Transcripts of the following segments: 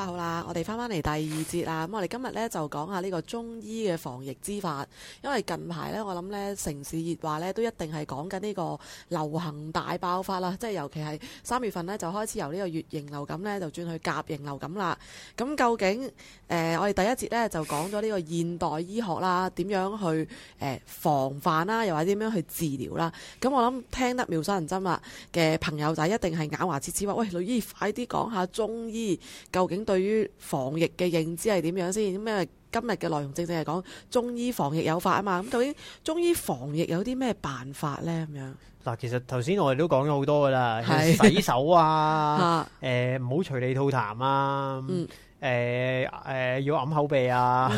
啊，好啦。我哋翻返嚟第二節啦！咁我哋今日咧就講下呢個中醫嘅防疫之法，因為近排咧我諗咧城市熱話咧都一定係講緊呢個流行大爆發啦，即係尤其係三月份咧就開始由呢個乙型流感咧就轉去甲型流感啦。咁究竟誒、呃、我哋第一節咧就講咗呢個現代醫學啦，點樣去誒、呃、防範啦，又或者點樣去治療啦？咁我諗聽得妙手銀針啊嘅朋友仔，一定係咬牙切齒話：喂，老依快啲講下中醫究竟對於防疫嘅認知係點樣先？咁啊，今日嘅內容正正係講中醫防疫有法啊嘛！咁究竟中醫防疫有啲咩辦法咧？咁樣嗱，其實頭先我哋都講咗好多㗎喇，是的 洗手啊，誒、 呃，唔好隨地吐痰啊。嗯誒誒、呃呃，要揞口鼻啊，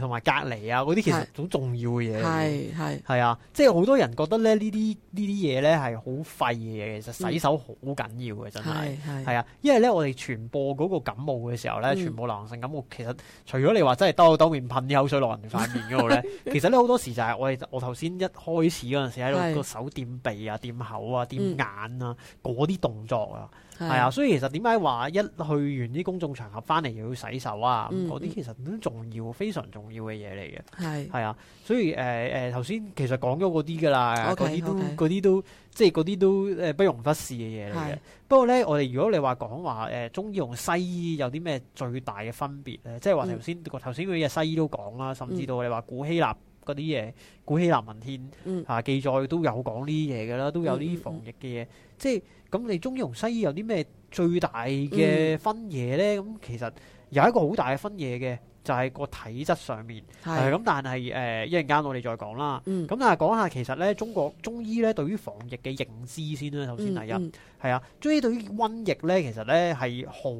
同埋、嗯、 隔離啊，嗰啲是其實好重要嘅嘢。係係係啊，即係好多人覺得咧，呢啲呢啲嘢咧係好廢嘅嘢。其實洗手好緊要嘅，真係係啊。因為咧，我哋傳播嗰個感冒嘅時候咧，傳播流行性感冒，其實除咗你話真係兜口兜面噴啲口水落人哋塊面嗰度咧， 其實咧好多時就係我哋我頭先一開始嗰陣時喺度個手掂鼻啊、掂口啊、掂眼、眼、嗯嗯、啊嗰啲動作啊。係啊，所以其實點解話一去完啲公眾場合翻嚟又要洗手啊？嗰啲、嗯、其實都重要，非常重要嘅嘢嚟嘅。係係是啊，所以誒誒頭先其實講咗嗰啲噶啦，嗰啲 Okay, 都嗰啲 okay. 都即係嗰啲都誒、呃、不容忽視嘅嘢嚟嘅。是不過咧，我哋如果你話講話誒中醫同西醫有啲咩最大嘅分別咧，即係話頭先頭先佢嘅西醫都講啦，甚至到你話古希臘。嗰啲嘢古希臘文獻嗯、嗯啊、記載都有講呢啲嘢嘅啦，都有啲防疫嘅嘢。嗯嗯、即係咁，你中醫同西醫有啲咩最大嘅分野呢？咁、嗯、其實有一個好大嘅分野嘅，就係、是、個體質上面。係咁是、呃，但係誒、呃，一陣間我哋再講啦。咁、嗯、但係講下其實呢中國中醫呢對於防疫嘅認知先啦，首先第一。嗯嗯係啊，中醫對於瘟疫咧，其實咧係好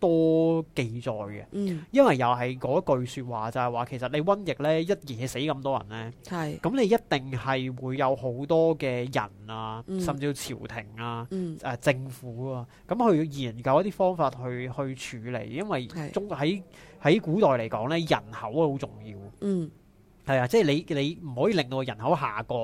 多記載嘅。嗯，因為又係嗰句説話就係話，其實你瘟疫咧一夜死咁多人咧，係咁是你一定係會有好多嘅人啊，嗯、甚至朝廷啊，誒、嗯啊、政府啊，咁去研究一啲方法去去處理，因為中喺喺是古代嚟講咧，人口好重要。嗯。係啊，即係你你唔可以令到人口下降，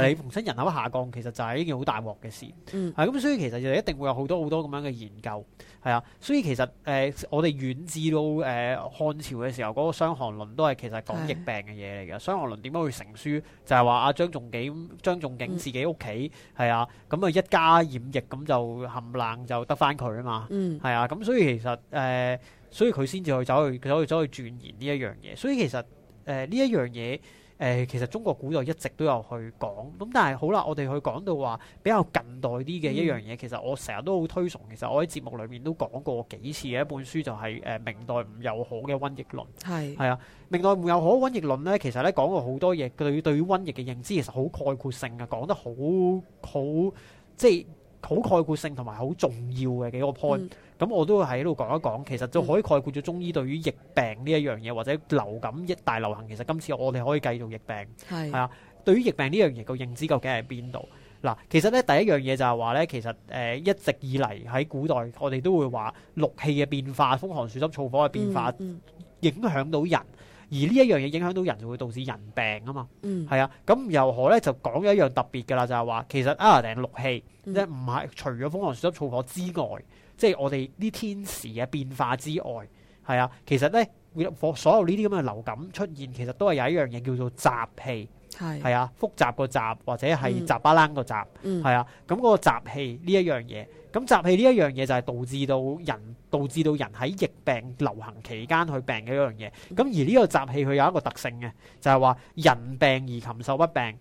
係你逢親人口下降，其實就係一件好大鑊嘅事。係咁、嗯，所以其實一定會有好多好多咁樣嘅研究。係啊，所以其實誒，我哋遠至到誒漢朝嘅時候，嗰個傷寒論都係其實講疫病嘅嘢嚟嘅。傷寒論點解會成書？就係話阿張仲景張仲景自己屋企係啊，咁啊一家染疫咁就冚冷就得翻佢啊嘛。係啊，咁所以其實誒，所以佢先至去走去走去走去鑽研呢一樣嘢。所以其實。誒呢、呃、一樣嘢，誒、呃、其實中國古代一直都有去講。咁、嗯、但係好啦，我哋去講到話比較近代啲嘅一樣嘢，嗯、其實我成日都好推崇。其實我喺節目裏面都講過幾次嘅一本書，就是，就係誒明代吳又可嘅《瘟疫論》是。係係啊，明代吳又可《瘟疫論》咧，其實咧講過好多嘢，對對於瘟疫嘅認知其實好概括性嘅，講得好好，即係好概括性同埋好重要嘅幾個 point。嗯咁我都係喺度講一講，嗯嗯、其實就可以概括咗中醫對於疫病呢一樣嘢，或者流感、疫大流行，其實今次我哋可以繼續疫病係是啊。對於疫病呢樣嘢個認知究竟喺邊度？嗱，其實咧第一樣嘢就係話咧，其實誒、呃、一直以嚟喺古代，我哋都會話六氣嘅變化，風寒暑濕燥火嘅變化，嗯嗯、影響到人，而呢一樣嘢影響到人，就會導致人病嘛、嗯、啊嘛。嗯，係啊、嗯。咁又何咧就講一樣特別噶啦，就係話其實啊定六氣即唔係除咗風寒暑濕燥火之外。即係我哋啲天時嘅變化之外，係啊，其實咧會所有呢啲咁嘅流感出現，其實都係有一樣嘢叫做雜氣，係係是啊，複雜個雜或者係雜巴楞個雜，係、嗯、啊，咁、嗯、嗰個雜氣呢一樣嘢，咁雜氣呢一樣嘢就係導致到人導致到人喺疫病流行期間去病嘅一樣嘢。咁而呢個雜氣佢有一個特性嘅，就係、是、話人病而禽獸不病。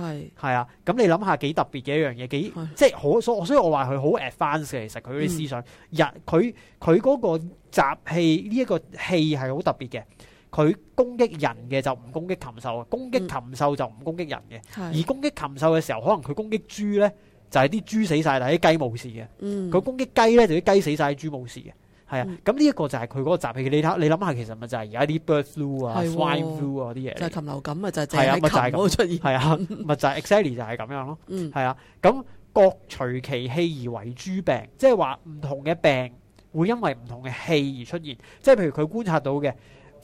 係係啊，咁你諗下幾特別嘅一樣嘢，幾即係好所，所以我話佢好 advanced，其實佢啲思想人，佢佢嗰個雜氣呢一個氣係好特別嘅，佢攻擊人嘅就唔攻擊禽獸，攻擊禽獸就唔攻擊人嘅，嗯、而攻擊禽獸嘅時候，可能佢攻擊豬咧，就係啲豬死晒，但係啲雞冇事嘅，佢、嗯、攻擊雞咧就啲、是、雞死晒，豬、就、冇、是、事嘅。係啊，咁呢一個就係佢嗰個雜氣。你睇，你諗下，其實咪就係而家啲 bird flu 啊、swine flu 啊嗰啲嘢，就係禽流感咪就係咁樣出現，係啊，咪就係 exactly 就係咁樣咯。係啊，咁各隨其氣而為諸病，即係話唔同嘅病會因為唔同嘅氣而出現。即係譬如佢觀察到嘅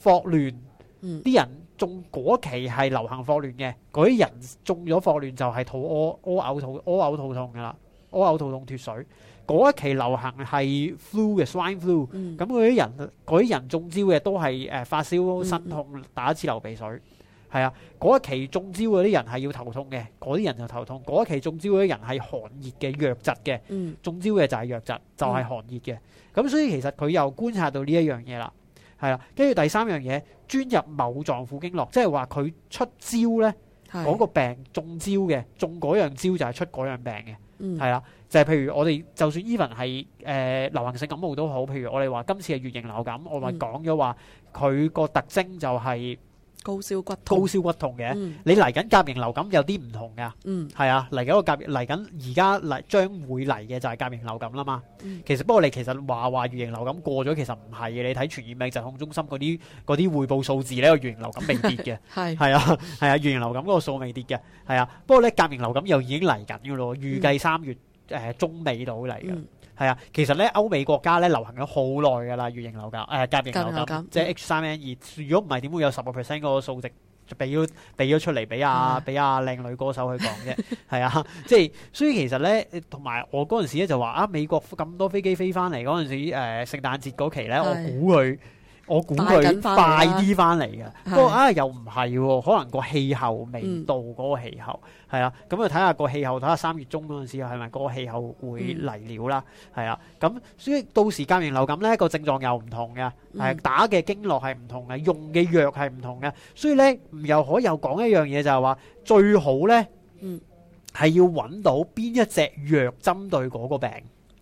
霍亂，啲人中嗰期係流行霍亂嘅，嗰啲人中咗霍亂就係肚屙屙嘔肚屙嘔肚痛㗎啦，屙嘔肚痛脫水。嗰一期流行係 flu 嘅 swine flu，咁嗰啲人啲人中招嘅都係誒、呃、發燒、身痛、打乞嗤流鼻水，係啊。嗰一期中招嗰啲人係要頭痛嘅，嗰啲人就頭痛。嗰一期中招嗰啲人係寒熱嘅瘧疾嘅，中招嘅就係瘧疾，就係、是、寒熱嘅。咁、嗯、所以其實佢又觀察到呢一樣嘢啦，係啦、啊。跟住第三樣嘢，專入某臟腑經絡，即係話佢出招咧，嗰、那個病中招嘅，中嗰樣招就係出嗰樣病嘅，係啦、嗯。就係譬如我哋，就算 even 係誒流行性感冒都好，譬如我哋話今次嘅乙型流感，我咪講咗話佢個特徵就係高燒骨高燒骨痛嘅，你嚟緊甲型流感有啲唔同嘅。係啊，嚟緊個甲嚟緊而家嚟將會嚟嘅就係甲型流感啦嘛，其實不過你其實話話乙型流感過咗其實唔係嘅。你睇傳染病疾控中心嗰啲嗰啲匯報數字咧，個乙型流感未跌嘅，係係啊係啊乙型流感嗰個數未跌嘅，係啊，不過咧甲型流感又已經嚟緊噶咯，預計三月。誒、呃、中美島嚟嘅，係啊、嗯，其實咧歐美國家咧流行咗好耐㗎啦，乙型流感誒甲型流感，呃、流即係 H 三 N 二。嗯、如果唔係，點會有十個 percent 嗰個數值俾咗俾咗出嚟俾阿俾阿靚女歌手去講啫？係啊， 即係所以其實咧，同埋我嗰陣時咧就話啊，美國咁多飛機飛翻嚟嗰陣時，誒、呃、聖誕節嗰期咧，的我估佢。我估佢快啲翻嚟嘅，的啊、不過啊又唔係喎，可能個氣候未到嗰、嗯、個氣候，係啊，咁啊睇下個氣候，睇下三月中嗰陣時係咪個氣候會嚟了啦，係啊、嗯，咁所以到時甲型流感呢個症狀又唔同嘅，係打嘅經絡係唔同嘅，用嘅藥係唔同嘅，所以呢，又可又講一樣嘢就係話最好呢，嗯，係要揾到邊一隻藥針對嗰個病，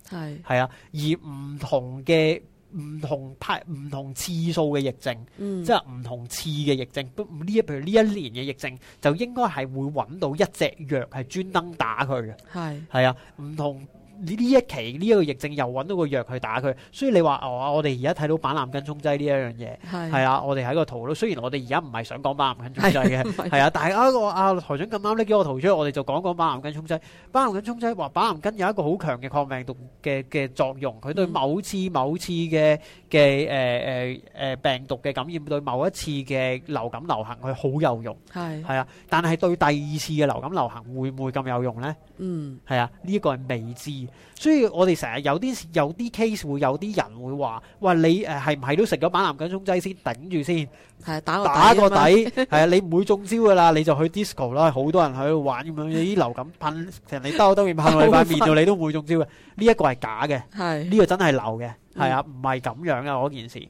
係係啊，而唔同嘅。唔同派唔同次數嘅疫症，嗯、即係唔同次嘅疫症。不呢一，譬如呢一年嘅疫症，就應該係會揾到一隻藥係專登打佢嘅。係係啊，唔同。呢一期呢一個疫症又揾到個藥去打佢，所以你話哦，我哋而家睇到板藍根沖劑呢一樣嘢，係是啊，我哋喺個圖囉，雖然我哋而家唔係想講板藍根沖劑嘅，係 是啊，但係啊個啊台長咁啱拎咗個圖出嚟，我哋就講講板藍根沖劑。板藍根沖劑話板藍根有一個好強嘅抗病毒嘅嘅作用，佢對某次某次嘅嘅誒誒誒病毒嘅感染，對某一次嘅流感流行佢好有用，係是啊，但係對第二次嘅流感流行會唔會咁有用咧？嗯，係啊，呢一個係未知。所以我哋成日有啲有啲 case 會有啲人會話，喂你誒係唔係都食咗板藍根沖劑先頂住先，係打個底，係啊 你唔會中招噶啦，你就去 disco 啦，好多人喺度玩咁樣你啲流感噴，成你兜兜面噴到你塊面度，你都唔會中招嘅，呢一個係假嘅，呢 個真係流嘅，係啊唔係咁樣噶嗰件事。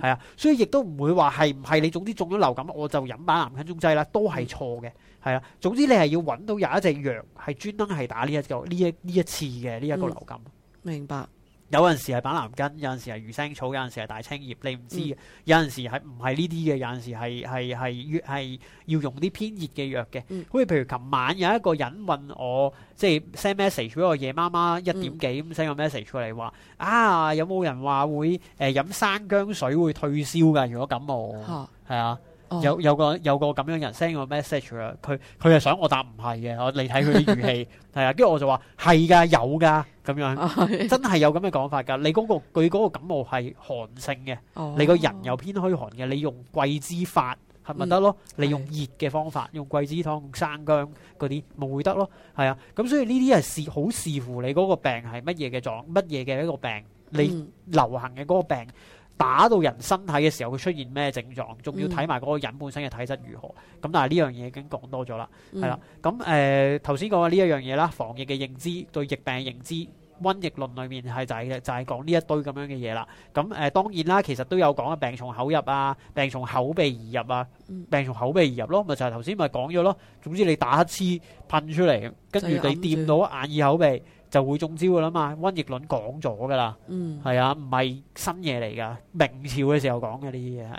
係 啊，所以亦都唔會話係唔係你總之中咗流感，我就飲把流感中劑啦，都係錯嘅，係、嗯、啊，總之你係要揾到有一隻羊係專登係打呢、這個、一個呢一呢一次嘅呢一,一個流感。嗯、明白。有陣時係板藍根，有陣時係魚腥草，有陣時係大青葉。你唔知、嗯、有陣時係唔係呢啲嘅，有陣時係係係越係要用啲偏熱嘅藥嘅。好似譬如琴晚有一個人問我，即係 send message 俾我「夜媽媽一點幾咁 send 個 message 出嚟話：啊，有冇人話會誒、呃、飲生薑水會退燒㗎？如果感冒，係啊。有有個有個咁樣人 send 個 message 佢佢係想我答唔係嘅，我嚟睇佢啲語氣，係啊， 跟住我就話係噶有噶咁樣， 真係有咁嘅講法噶。你嗰、嗰個佢嗰個感冒係寒性嘅， 你個人又偏虛寒嘅，你用桂枝法係咪得咯？你用熱嘅方法，用桂枝湯、用生姜嗰啲咪會得咯？係啊，咁所以呢啲係好視乎你嗰個病係乜嘢嘅狀，乜嘢嘅一個病，你流行嘅嗰個病。嗯 打到人身體嘅時候會出現咩症狀，仲要睇埋嗰個人本身嘅體質如何。咁、嗯、但係呢樣嘢已經講多咗啦，係啦、嗯。咁誒頭先講嘅呢一樣嘢啦，防疫嘅認知對疫病嘅認知，瘟疫論裡面係就係、是、就係講呢一堆咁樣嘅嘢啦。咁、嗯、誒、嗯、當然啦，其實都有講啊，病從口入啊，病從口鼻而入啊，病從口鼻而入咯，咪就係頭先咪講咗咯。總之你打乞嗤噴出嚟，跟住你掂到眼耳口鼻，就會中招噶啦嘛，溫疫論講咗噶啦，係、嗯、啊，唔係新嘢嚟噶，明朝嘅時候講嘅呢啲嘢係，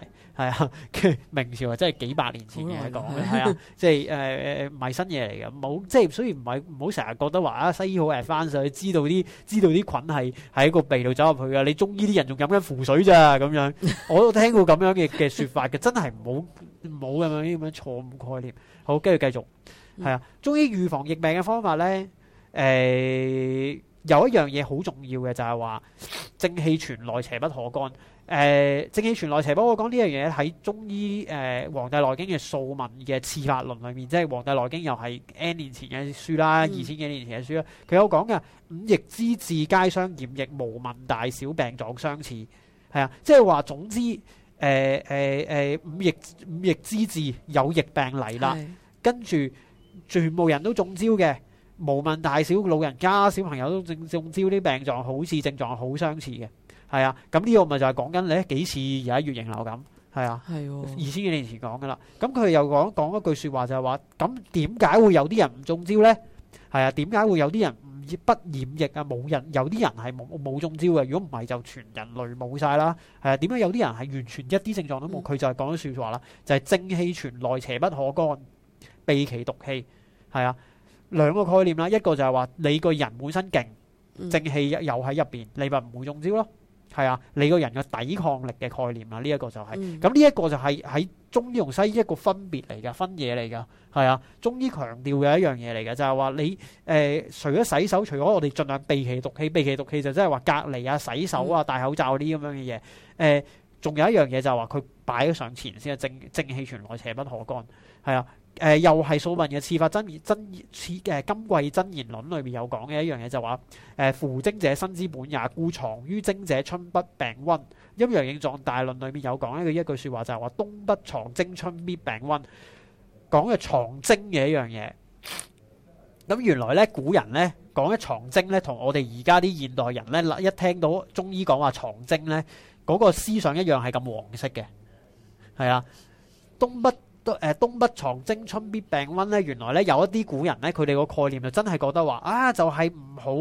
係啊， 明朝啊真係幾百年前嘅講嘅，係 啊，即係誒誒唔係新嘢嚟嘅。好，即係，所以唔係唔好成日覺得話啊西醫好 advanced 知道啲知道啲菌係喺個鼻度走入去噶，你中醫啲人仲飲緊符水咋咁樣，我都聽過咁樣嘅嘅説法嘅， 真係唔好唔好咁樣咁樣錯誤概念。好，跟住繼續，係啊，中醫預防疫病嘅方法咧。呢誒、呃，有一樣嘢好重要嘅就係、是、話正氣存內，邪不可干。誒、呃，正氣存內邪不可干。我講呢樣嘢喺中醫誒《黃、呃、帝內經》嘅素問嘅刺法論裏面，即係《黃帝內經》又係 N 年前嘅書啦，嗯、二千幾年前嘅書啦。佢有講嘅五疫之至，皆相染疫，無問大小病狀相似。係啊，即係話總之，誒誒誒，五疫五疫之至，有疫病嚟，啦，是跟住全部人都中招嘅。無問大小，老人家、小朋友都正中招啲病狀，好似症狀好相似嘅，係啊。咁呢個咪就係講緊你幾次而喺月型流感，係啊。係哦。二千幾年前講噶啦。咁、嗯、佢又講講一句說話就係話，咁點解會有啲人唔中招呢？係啊，點解會有啲人唔不染疫啊？冇人有啲人係冇冇中招嘅。如果唔係就全人類冇晒啦。係啊。點解有啲人係完全一啲症狀都冇？佢、嗯、就係講咗說話啦，就係、是、正氣存內，邪不可干，避其毒氣。係啊。兩個概念啦，一個就係話你個人本身勁，嗯、正氣又喺入邊，你咪唔會中招咯。係啊，你個人嘅抵抗力嘅概念啊，呢、這、一個就係、是。咁呢一個就係喺中醫同西醫一個分別嚟噶，分野嚟噶。係啊，中醫強調嘅一樣嘢嚟嘅就係、是、話你誒、呃，除咗洗手，除咗我哋儘量避其毒氣，避其毒氣就真係話隔離啊、洗手啊、嗯、戴口罩啲咁樣嘅嘢。誒、呃，仲有一樣嘢就係話佢擺咗上前先，正正氣全來，邪不可干。係啊。誒、呃，又係《素問》嘅《刺法、呃、真言真》，誒《金匱真言論》裏面有講嘅一樣嘢就話，誒、呃，扶精者身之本也，故藏於精者春不病溫。《陰陽應象大論》裏面有講咧，佢一句說話就係、是、話，冬不藏精，春必病溫，講嘅藏精嘅一樣嘢。咁原來咧，古人咧講嘅藏精咧，同我哋而家啲現代人咧，一聽到中醫講話藏精咧，嗰、那個思想一樣係咁黃色嘅，係啊，冬不。都誒冬不藏精，春必病溫咧。原來咧有一啲古人咧，佢哋個概念就真係覺得話啊，就係唔好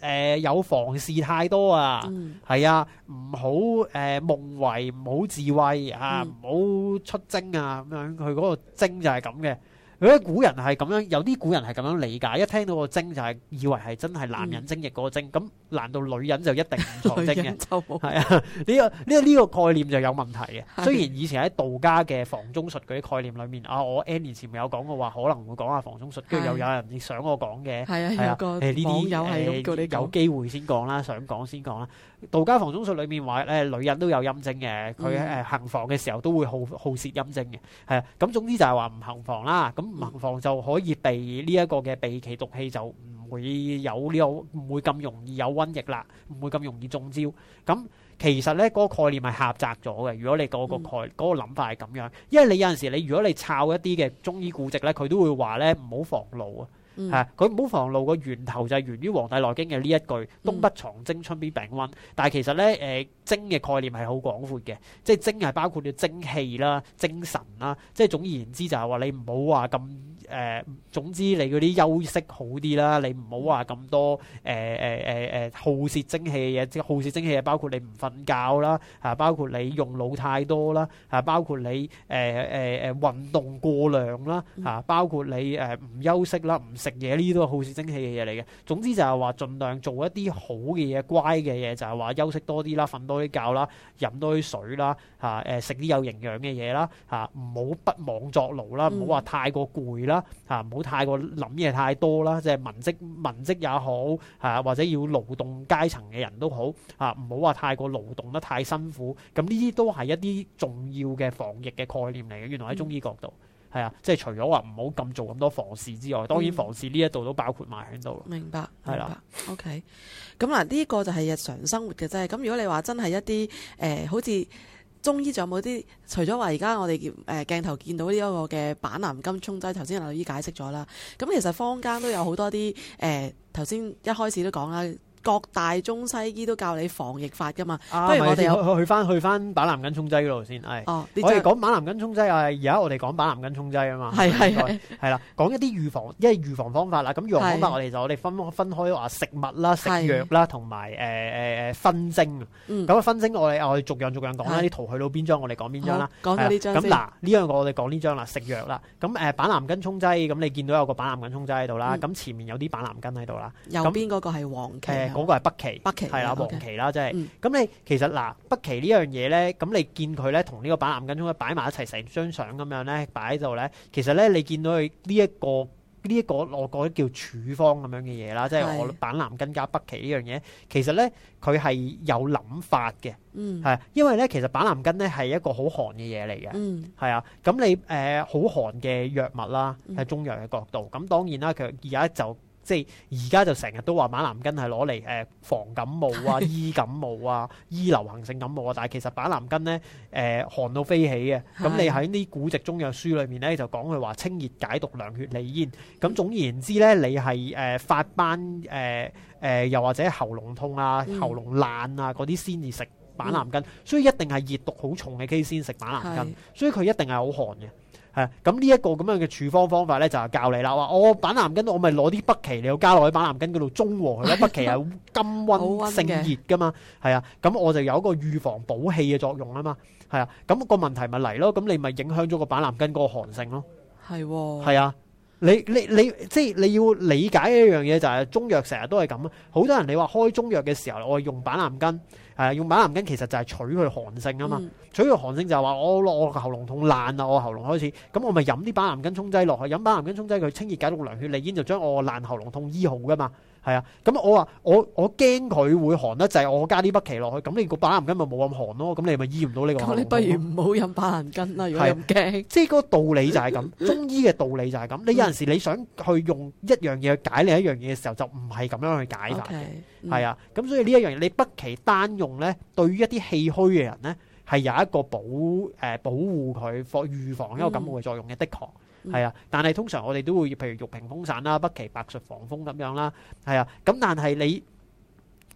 誒有房事太多啊，係、嗯、啊，唔好誒夢遺，唔好自慰啊，唔好、嗯、出精啊咁樣，佢嗰個精就係咁嘅。佢啲古人係咁樣，有啲古人係咁樣理解，一聽到個精就係以為係真係男人精液嗰個精，咁、嗯、難道女人就一定唔藏精嘅？係啊，呢個呢個呢個概念就有問題嘅。雖然以前喺道家嘅房中術嗰啲概念裏面，啊，我 N 年前咪有講過話可能會講下房中術，跟住又有人想我的的講嘅，係啊，係、呃、啊，呢啲有機會先講啦，想講先講啦。道家房中術裏面話咧、呃，女人都有陰精嘅，佢誒、呃、行房嘅時候都會好耗蝕陰精嘅，係啊。咁總之就係話唔行房啦，咁唔行房就可以避呢一個嘅避其毒氣，就唔會有呢、這個唔會咁容易有瘟疫啦，唔會咁容易中招。咁、啊、其實咧嗰、那個概念係狹窄咗嘅。如果你個概嗰、那個諗法係咁樣，因為你有陣時你如果你抄一啲嘅中醫古籍咧，佢都會話咧唔好房勞啊。嚇！佢唔好防露個源頭就係源於《黃帝內經》嘅呢一句：嗯、冬不藏精，春必病溫。但係其實咧，誒、呃、精嘅概念係好廣闊嘅，即係精係包括咗精氣啦、精神啦，即係總而言之就係話你唔好話咁。誒、呃，總之你嗰啲休息好啲啦，你唔好話咁多誒誒誒誒耗泄精氣嘅嘢，即係耗泄精氣嘅包括你唔瞓覺啦，嚇、啊，包括你用腦太多啦，嚇、啊，包括你誒誒誒運動過量啦，嚇、啊，包括你誒唔、呃、休息啦，唔食嘢呢啲都係耗泄精氣嘅嘢嚟嘅。總之就係話盡量做一啲好嘅嘢、乖嘅嘢，就係、是、話休息多啲啦、瞓多啲覺啦、飲多啲水啦、嚇、啊、誒、啊、食啲有營養嘅嘢啦、嚇唔好不枉作勞啦，唔好話太過攰啦。嗯吓，唔好、啊、太過諗嘢太多啦，即係文職文職也好，吓、啊、或者要勞動階層嘅人都好，吓，唔好話太過勞動得太辛苦。咁呢啲都係一啲重要嘅防疫嘅概念嚟嘅。原來喺中醫角度，係、嗯、啊，即係除咗話唔好咁做咁多防事之外，嗯、當然防事呢一度都包括埋喺度。明白，係啦、啊。OK，咁嗱，呢個就係日常生活嘅啫。咁如果你話真係一啲誒、呃，好似。中醫仲有冇啲？除咗話而家我哋誒、呃、鏡頭見到呢一個嘅板藍根沖劑，頭先劉姨解釋咗啦。咁其實坊間都有好多啲誒，頭、呃、先一開始都講啦。各大中西醫都教你防疫法㗎嘛，不如我哋去去翻去翻板藍根沖劑嗰度先。哦，我哋講板藍根沖劑啊，而家我哋講板藍根沖劑啊嘛。係係係。係啦，講一啲預防，一係預防方法啦。咁預防方法我哋就我哋分分開話食物啦、食藥啦，同埋誒誒誒熏蒸。嗯。咁熏蒸我哋我哋逐樣逐樣講啦，啲圖去到邊張我哋講邊張啦。講呢張先。咁嗱，呢樣我哋講呢張啦，食藥啦。咁誒板藍根沖劑，咁你見到有個板藍根沖劑喺度啦，咁前面有啲板藍根喺度啦。右邊嗰個係黃芪。嗰個係北芪，北芪，係啦黃芪啦，即係咁你其實嗱北芪呢樣嘢咧，咁你見佢咧同呢個板藍根咁樣擺埋一齊成張相咁樣咧擺喺度咧，其實咧你見到佢呢一個呢一個我覺得叫處方咁樣嘅嘢啦，即係我板藍根加北芪呢樣嘢，其實咧佢係有諗法嘅，係因為咧其實板藍根咧係一個好寒嘅嘢嚟嘅，係啊咁你誒好寒嘅藥物啦喺中藥嘅角度，咁當然啦佢而家就。即係而家就成日都話板藍根係攞嚟誒防感冒啊、醫感冒啊、醫流行性感冒啊，但係其實板藍根咧誒、呃、寒到飛起嘅。咁是你喺啲古籍中藥書裏面咧就講佢話清熱解毒、涼血利咽。咁總言之咧，你係誒、呃、發斑誒誒又或者喉嚨痛啊、喉嚨爛啊嗰啲先至食板藍根。嗯、所以一定係熱毒好重嘅 case 先食板藍根。是所以佢一定係好寒嘅。咁呢一個咁樣嘅處方方法咧，就係教你啦。話我板藍根，我咪攞啲北芪你要加落去板藍根嗰度，中和佢。 北芪係甘溫性熱㗎嘛，係啊。咁、嗯、我就有一個預防補氣嘅作用啊嘛。係啊。咁、嗯、個問題咪嚟咯。咁、嗯、你咪影響咗個板藍根個寒性咯。係喎。係啊。嗯、你你你，即係你要理解一樣嘢，就係中藥成日都係咁啊。好多人你話開中藥嘅時候，我用板藍根。係啊，用板藍根其實就係取佢寒性啊嘛，嗯、取佢寒性就係話我我喉嚨痛爛啦，我喉嚨開始，咁我咪飲啲板藍根沖劑落去，飲板藍根沖劑佢清熱解毒涼血利咽，已經就將我個爛喉嚨痛醫好噶嘛。係啊，咁、嗯、我話我我驚佢會寒得滯，就是、我加啲北芪落去，咁你個板藍根咪冇咁寒咯，咁你咪醫唔到呢個寒咯。你不如唔好飲板藍根啦，如果咁驚、啊。即係嗰個道理就係咁， 中醫嘅道理就係咁。你有陣時你想去用一樣嘢去解另一樣嘢嘅時候，就唔係咁樣去解法嘅。係 Okay, 啊，咁所以呢一樣嘢，你北芪單用咧，對於一啲氣虛嘅人咧，係有一個保誒、呃、保護佢防預防一個感冒嘅作用嘅、嗯，的、嗯、確。嗯係啊，但係通常我哋都會，譬如玉屏風散啦、北芪白術防風咁樣啦，係啊，咁但係你，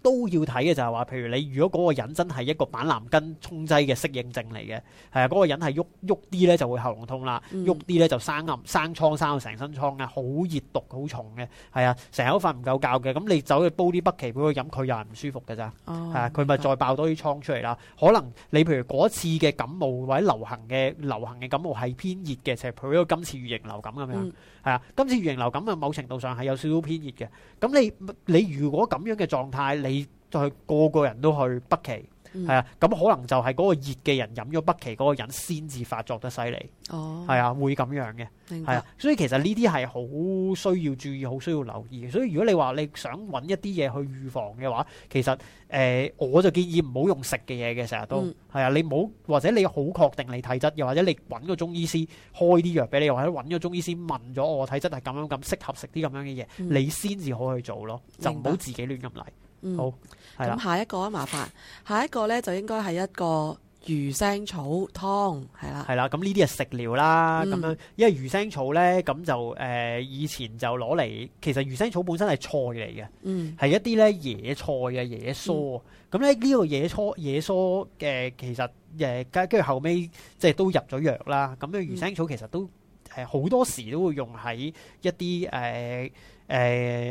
都要睇嘅就係話，譬如你如果嗰個人真係一個板藍根沖劑嘅適應症嚟嘅，係啊，嗰、嗰個人係喐喐啲咧就會喉嚨痛啦，喐啲咧就生暗生瘡，生到成身瘡嘅，好熱毒，好重嘅，係啊，成日都瞓唔夠覺嘅，咁你走去煲啲北芪俾佢飲，又係唔舒服㗎咋，係啊、哦，佢咪再爆多啲瘡出嚟啦？可能你譬如嗰次嘅感冒或者流行嘅流行嘅感冒係偏熱嘅，就係、係、譬如呢個今次乙型流感咁樣。嗯。係啊，今次乙型流感啊，某程度上係有少少偏熱嘅。咁你你如果咁樣嘅狀態，你去個個人都去北企。係啊，咁可能就係嗰個熱嘅人飲咗北芪嗰個人先至發作得犀利，係、哦、啊，會咁樣嘅，係明白啊，所以其實呢啲係好需要注意，好需要留意。所以如果你話你想揾一啲嘢去預防嘅話，其實誒、呃，我就建議唔好用食嘅嘢嘅，成日都係、嗯、啊，你唔好或者你好確定你體質，又或者你揾個中醫師開啲藥俾你，或者揾個中醫師問咗我體質係咁樣咁適合食啲咁樣嘅嘢，嗯、你先至好去做咯，就唔好自己亂咁嚟。好，咁下一個啊，麻煩。下一個咧就應該係一個魚腥草湯，係、嗯嗯、啦，係啦、嗯。咁呢啲係食療啦。咁樣，因為魚腥草咧，咁就誒、呃，以前就攞嚟，其實魚腥草本身係菜嚟嘅，嗯，係一啲咧野菜嘅野蔬。咁咧呢個野蔬野蔬嘅，其實誒跟住後尾，即係都入咗藥啦。咁呢魚腥草其實都誒好、嗯嗯、多時都會用喺一啲誒。呃誒誒、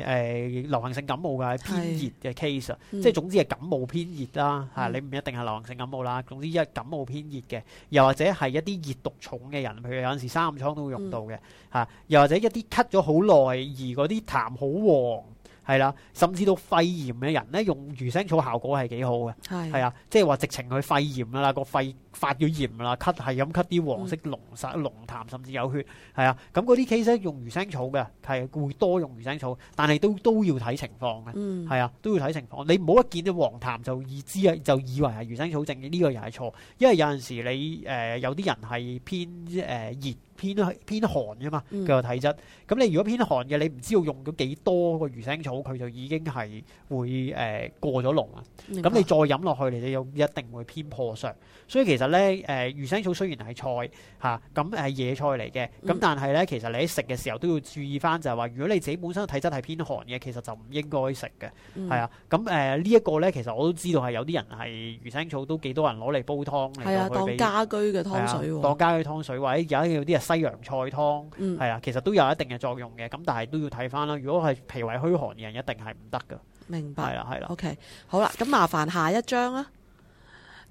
呃呃、流行性感冒嘅偏熱嘅 case，嗯、即係總之係感冒偏熱啦嚇、嗯啊，你唔一定係流行性感冒啦，總之一係感冒偏熱嘅，又或者係一啲熱毒重嘅人，譬如有陣時生暗瘡都會用到嘅嚇、嗯啊，又或者一啲咳咗好耐而嗰啲痰好黃。係啦，甚至到肺炎嘅人咧，用魚腥草效果係幾好嘅。係是的 啊，即係話直情去肺炎啦，個肺發咗炎啦，咳係咁咳啲黃色濃沙濃痰，甚至有血。係啊，咁嗰啲 case 用魚腥草嘅，係會多用魚腥草，但係都都要睇情況嘅。係啊，都要睇情，、嗯、情況。你唔好一見到黃痰就已知啊，就以為係魚腥草症，呢、這個又係錯。因為有陣時你誒、呃、有啲人係偏誒熱。呃呃熱偏偏寒㗎嘛，佢個體質。咁、嗯、你如果偏寒嘅，你唔知道用咗幾多個魚腥草，佢就已經係會誒、呃、過咗龍啦。咁白你再飲落去，你就一定會偏破相。所以其實咧，誒、呃、魚腥草雖然係菜嚇，咁、啊、誒、啊、野菜嚟嘅，咁、嗯、但係咧，其實你喺食嘅時候都要注意翻，就係、是、話，如果你自己本身嘅體質係偏寒嘅，其實就唔應該食嘅，係、嗯、啊。咁誒、呃這個、呢一個咧，其實我都知道係有啲人係魚腥草都幾多人攞嚟煲湯啊，給當家居嘅湯水喎、啊，當家居湯水或者，誒有啲人。西洋菜湯係啊，其實都有一定嘅作用嘅，咁但係都要睇翻啦。如果係脾胃虛寒嘅人，一定係唔得噶。明白係啦，OK，好啦，咁麻煩下一章張啦。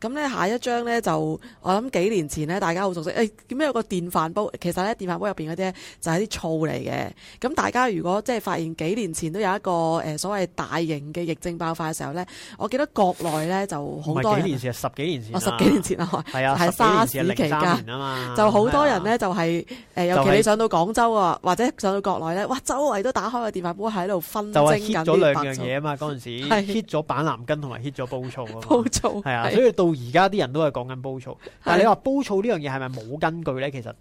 咁呢下一張呢，就我諗幾年前呢，大家好熟悉，誒點解有個電飯煲？其實呢，電飯煲入邊嗰啲咧就係啲醋嚟嘅。咁大家如果即係發現幾年前都有一個誒所謂大型嘅疫症爆發嘅時候呢，我記得國內呢，就好多人。唔係幾年前，十幾年前，哦。十幾年前啊，係沙士期間就好多人呢、就是，就係誒，尤其你上到廣州啊，就是、或者上到國內呢，哇！周圍都打開個電飯煲喺度分蒸緊啲白醋。兩樣嘢啊嘛，嗰陣時 hit 咗板藍根同埋 hit 咗煲醋啊。 而家啲人都係講緊煲醋，但係你話煲醋呢樣嘢係咪冇根據呢？其實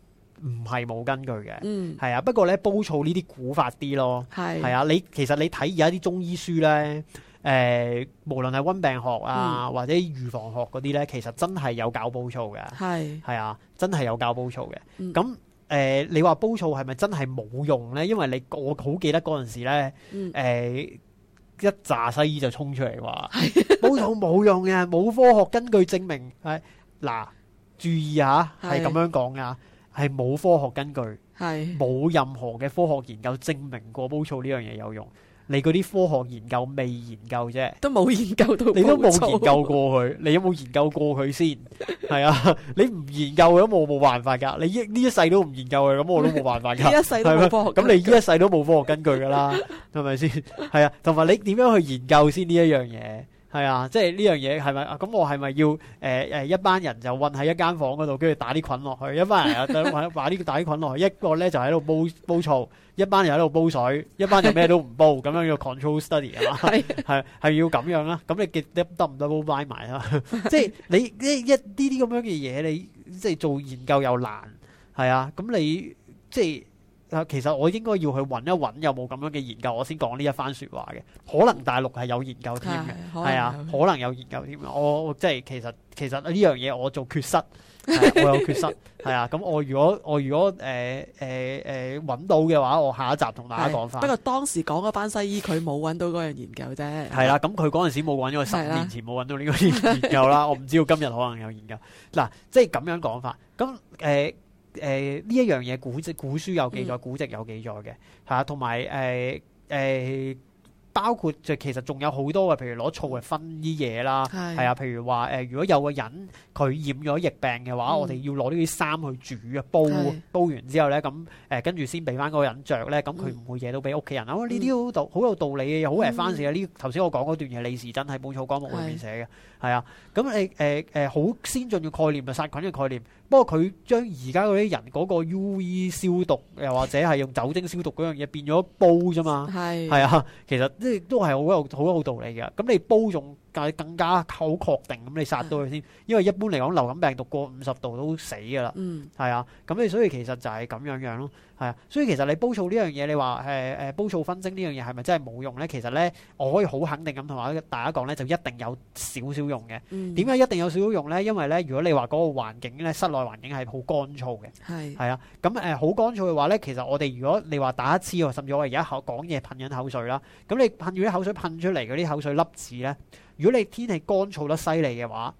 唔係冇根據嘅，嗯，係啊。不過呢，煲醋呢啲古法啲咯，係是啊。你其實你睇而家啲中醫書呢，誒、呃，無論係温病學啊，嗯、或者預防學嗰啲呢，其實真係有搞煲醋嘅，係係是啊，真係有搞煲醋嘅。咁誒、嗯呃，你話煲醋係咪真係冇用呢？因為你我好記得嗰陣時咧、呃，一紮西醫就衝出嚟話。嗯 煲醋冇用嘅，冇科學根據證明。係嗱，注意吓，係咁樣講噶，係冇科學根據，係冇任何嘅科學研究證明過煲醋呢樣嘢有用。你嗰啲科學研究未研究啫，都冇研究到，你都冇研究過佢，你有冇研究過佢先？係啊，你唔研究咁我冇辦法噶。你呢呢一世都唔研究佢，咁我都冇辦法噶。呢一世都冇科學，咁你呢一世都冇科學根據噶啦，係咪先？係啊，同埋你點樣去研究先呢一樣嘢？係啊，即係呢樣嘢係咪？咁我係咪要誒誒一班人就混喺一間房嗰度，跟住打啲菌落去，一班人又話話呢個打啲菌落去，一個咧就喺度煲煲醋，一班人喺度煲水，一班人咩都唔煲，咁樣叫 control study 啊嘛？係係要咁樣啦。咁你得唔得煲埋埋啊？即係你一一呢啲咁樣嘅嘢，你即係做研究又難，係啊。咁你即係。其實我應該要去揾一揾有冇咁樣嘅研究，我先講呢一番説話嘅。可能大陸係有研究添嘅，係啊，啊，可能有研究添。我即係其實其實呢樣嘢我做缺失。啊、 我有缺失係啊。咁我如果我如果誒誒誒揾到嘅話，我下一集同大家講翻。不過當時講嗰班西醫，佢冇揾到嗰樣研究啫。係啦，咁佢嗰陣時冇揾，因為十年前冇揾到呢個研究啦。究是啊、 我唔知道今日可能有研究。嗱，即係咁樣講法。咁誒。.誒呢，呃、一樣嘢古籍古書有記載，古籍有記載嘅嚇，同埋誒誒包括就其實仲有好多嘅，譬如攞醋去分啲嘢啦，係是啊，譬如話誒、呃，如果有個人佢染咗疫病嘅話，嗯、我哋要攞呢啲衫去煮啊煲，煲是完之後咧，咁誒、呃、跟住先俾翻嗰個人着咧，咁佢唔會惹到俾屋企人啊！呢啲都道好有道理嘅，好誒翻嘅呢頭先我講嗰段嘢，李時珍喺本草綱目裏面寫嘅。係啊，咁你誒誒好先進嘅概念就殺菌嘅概念，不過佢將而家嗰啲人嗰個 U V 消毒，又或者係用酒精消毒嗰樣嘢變咗煲啫嘛，係係 啊，其實即係都係好有好有道理嘅。咁你煲仲更加好確定咁，你殺到佢先，嗯、因為一般嚟講，流感病毒過五十度都死㗎啦。嗯，係啊，咁你所以其實就係咁樣樣咯，係啊。所以其實你煲醋呢樣嘢，你話誒誒煲醋分蒸呢樣嘢係咪真係冇用咧？其實咧，我可以好肯定咁同大家講咧，就一定有少少用嘅。點解、嗯、一定有少少用咧？因為咧，如果你話嗰個環境咧，室內環境係好乾燥嘅，係係、嗯、啊。咁誒好乾燥嘅話咧，其實我哋如果你話打一次甚至我而家口講嘢噴緊口水啦，咁你噴住啲口水噴出嚟嗰啲口水粒，粒，粒子咧。如果你天氣乾燥得犀利嘅話，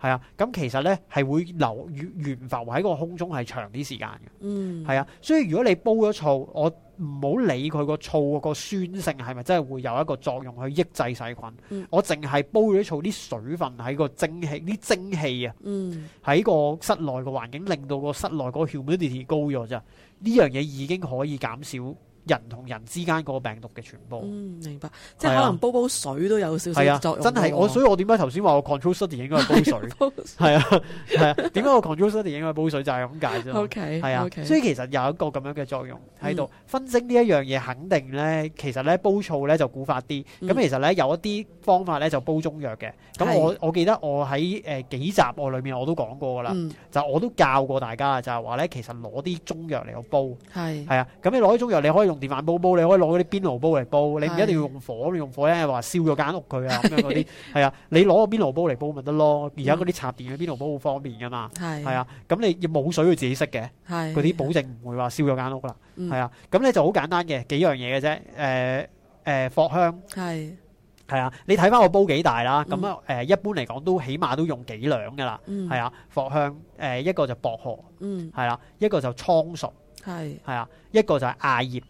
係啊，咁其實呢，係會留懸浮喺個空中係長啲時間嘅。嗯，係啊，所以如果你煲咗醋，我唔好理佢個醋個酸性係咪真係會有一個作用去抑制細菌，嗯、我淨係煲咗醋啲水分喺個蒸氣，啲蒸氣啊，嗯，喺個室內個環境令到個室內個 humidity 高咗啫，呢樣嘢已經可以減少人同人之間嗰個病毒嘅傳播，明白，即係可能煲煲水都有少少作用，真係我，所以我點解頭先話我 control study 應該係煲水，係啊，係啊，點解我 control study 應該係煲水就係咁解啫，OK，係啊，所以其實有一個咁樣嘅作用喺度，分析呢一樣嘢肯定咧，其實咧煲醋咧就古法啲，咁其實咧有一啲方法咧就煲中藥嘅，咁我我記得我喺誒幾集我裏面我都講過㗎啦，就我都教過大家就係話咧其實攞啲中藥嚟去煲，係，係啊，咁你攞啲中藥你可以電飯煲煲，你可以攞嗰啲邊爐煲嚟煲，你唔一定要用火咁用火，呢係話燒咗間屋佢啊咁樣嗰啲，係 啊，你攞個邊爐煲嚟煲咪得咯。而家嗰啲插電嘅邊爐煲好方便噶嘛，係、mm. 啊，咁你要冇水佢自己識嘅，嗰啲保證唔會話燒咗間屋啦。係、mm. 啊，咁咧就好簡單嘅，幾樣嘢嘅啫。誒、呃、誒，藿、呃、香係係、mm. 啊，你睇翻個煲幾大啦。咁啊誒，一般嚟講都起碼都用幾兩噶啦，係、mm. 啊。藿香誒、呃，一個就薄荷，嗯，係啦，一個就蒼朮，係係啊，一個就係艾葉。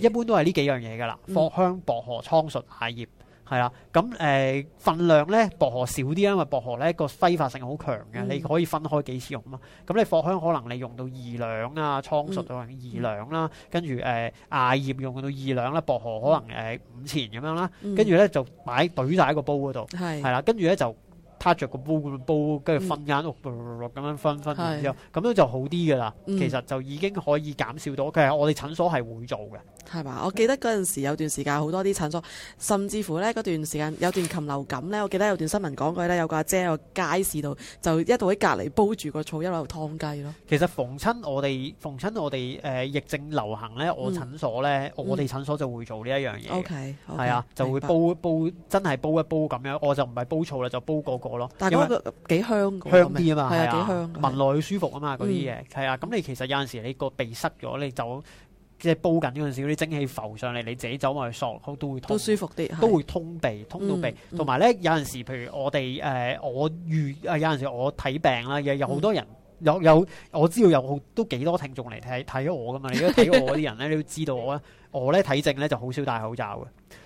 一般都係呢幾樣嘢㗎啦，藿香、薄荷、蒼術、艾葉，係啦。咁誒份量咧，薄荷少啲，因為薄荷咧個揮發性好強嘅，你可以分開幾次用啊嘛。咁你藿香可能你用到二兩啊，蒼術可能二兩啦，跟住誒艾葉用到二兩啦，薄荷可能誒五錢咁樣啦，跟住咧就擺懟曬喺個煲嗰度，係啦，跟住咧就攤着個煲咁煲，跟住瞓間碌碌咁樣瞓瞓完之後，咁樣就好啲㗎啦。其實就已經可以減少到，其實我哋診所係會做嘅。係嘛？我記得嗰陣時有段時間好多啲診所，甚至乎咧嗰段時間有段禽流感咧。我記得有段新聞講過咧，有個阿姐喺個街市度就一度喺隔籬煲住個醋，一路燙雞咯。其實逢親我哋逢親我哋誒疫症流行咧，我診所咧，我哋診所就會做呢一樣嘢。OK，係啊，就會煲煲，真係煲一煲咁樣。我就唔係煲醋啦，就煲個個咯。但係嗰個幾香，香啲啊嘛，係啊，香聞落去舒服啊嘛，嗰啲嘢係啊。咁你其實有陣時你個鼻塞咗，你就。即係煲緊嗰陣時，嗰啲蒸汽浮上嚟，你自己走埋去索，都都會都舒服啲，都會通鼻，通到鼻。同埋咧，有陣時，譬如我哋誒、呃，我遇有陣時我睇病啦，有有好多人，嗯、有有我知道有好都幾多聽眾嚟睇睇我噶嘛，你如果睇我啲人咧， 你都知道我啦。我呢睇症呢就好少戴口罩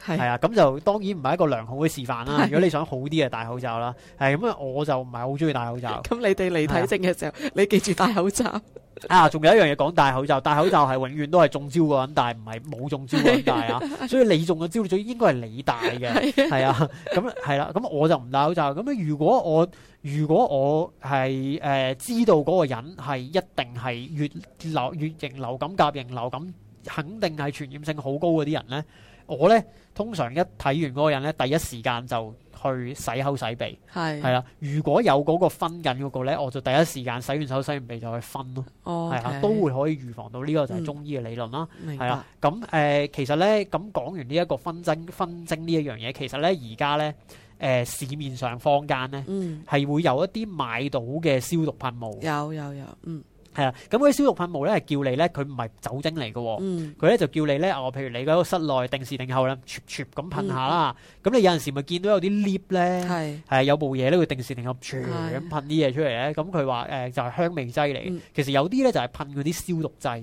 嘅，係啊，咁就當然唔係一個良好嘅示範啦。如果你想好啲就戴口罩啦，係咁啊，我就唔係好中意戴口罩。咁你哋嚟睇症嘅時候，你記住戴口罩。啊，仲有一樣嘢講戴口罩，戴口罩係永遠都係中招嘅人戴，唔係冇中招嘅人戴啊。所以你中嘅招最應該係你戴嘅，係啊，咁係啦。咁我就唔戴口罩。咁如果我如果我係誒知道嗰個人係一定係乙流乙型流感甲型流感。肯定係傳染性好高嗰啲人呢。我呢，通常一睇完嗰個人呢，第一時間就去洗口洗鼻，係係啦。如果有嗰個分緊嗰個呢，我就第一時間洗完手洗完鼻就去分咯。哦，係啊，都會可以預防到。呢個就係中醫嘅理論啦。明白。係啦、嗯，咁誒、啊嗯，其實呢，咁講完呢一個熏蒸熏蒸呢一樣嘢，其實呢，而家呢誒、呃、市面上坊間呢，係、嗯、會有一啲買到嘅消毒噴霧，有有有，有，有，有，嗯。係啊，咁嗰啲消毒噴霧咧，係叫你咧佢唔係酒精嚟嘅、哦，佢咧、嗯、就叫你咧，譬如你喺個室內定時定候咧，全全咁噴下啦。咁、嗯、你有陣時咪見到有啲 lift 咧，係的的有部嘢咧，佢定時定候全咁噴啲嘢出嚟嘅。咁佢話誒就係、是、香味劑嚟，嗯、其實有啲咧就係、是、噴嗰啲消毒劑，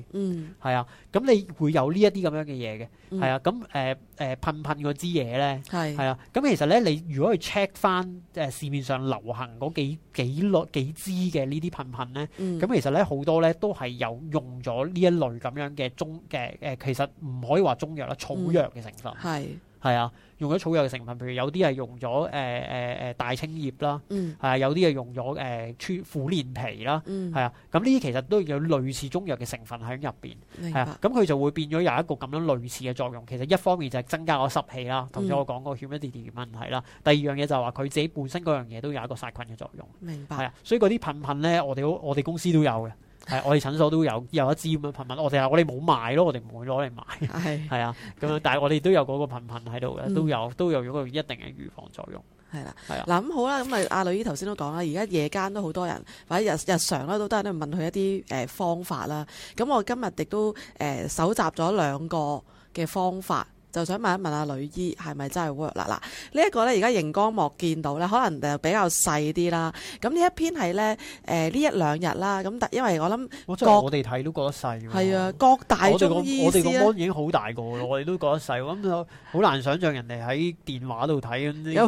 係啊、嗯。咁你會有呢一啲咁樣嘅嘢嘅，係啊。咁誒。誒噴噴嗰支嘢咧，係係啊，咁其實咧，你如果去 check 翻誒市面上流行嗰幾幾類幾支嘅呢啲噴噴咧，咁、嗯、其實咧好多咧都係有用咗呢一類咁樣嘅中嘅誒，其實唔可以話中藥啦，草藥嘅成分係。嗯係啊，用咗草藥嘅成分，譬如有啲係用咗誒誒誒大青葉啦，係、嗯、啊，有啲係用咗誒川苦楝皮啦，係、嗯、啊，咁呢啲其實都有類似中藥嘅成分喺入邊，係白啊，咁佢就會變咗有一個咁樣類似嘅作用。其實一方面就係增加個濕氣啦，頭先我講個 h 一啲啲嘅 i t y 問題啦，嗯、第二樣嘢就話佢自己本身嗰樣嘢都有一個殺菌嘅作用，明白？係啊，所以嗰啲品品咧，我哋我哋公司都有嘅。係， 我哋診所都有有一支咁嘅噴噴，我哋我哋冇賣咯，我哋唔會攞嚟賣。係係啊，咁樣的，但係我哋都有嗰個噴噴喺度嘅，都有都有一個一定嘅預防作用。係啦，係啦，嗱，咁好啦，咁啊，阿女姨頭先都講啦，而家夜間都好多人，或者日日常咧都得人都問佢一啲誒方法啦。咁我今日亦都誒搜集咗兩個嘅方法。就想問一問阿女醫係咪真係 work 啦？嗱，這個、呢一個咧，而家熒光幕見到咧，可能誒比較細啲啦。咁呢一篇係咧，誒、呃、呢一兩日啦。咁因為我諗，我哋睇都覺得細。係、就是、 啊，各大中醫師啊，我哋個 mon 已經好大個啦，我哋都覺得細。咁就好難想象人哋喺電話度睇咁啲嘢。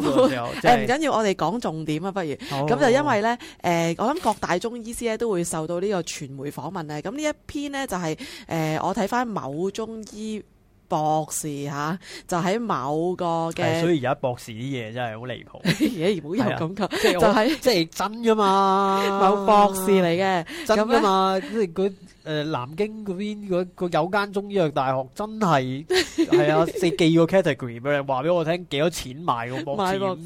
唔緊要，我哋講重點啊，不如。咁、哦、就因為咧，誒、呃、我諗各大中醫師咧都會受到呢個傳媒訪問咧。咁呢一篇咧就係、是、誒、呃、我睇翻某中醫。博士吓、啊，就喺、是、某個嘅。所以而家博士啲嘢真係好離譜，而家而冇有咁嘅，呀就係， 即係真噶嘛， 某博士嚟嘅，咁啊嘛，即係佢。 誒，南京嗰邊個有間中醫藥大學真，真係係啊，四 G 個 category，你話俾我聽幾多錢買個博士？過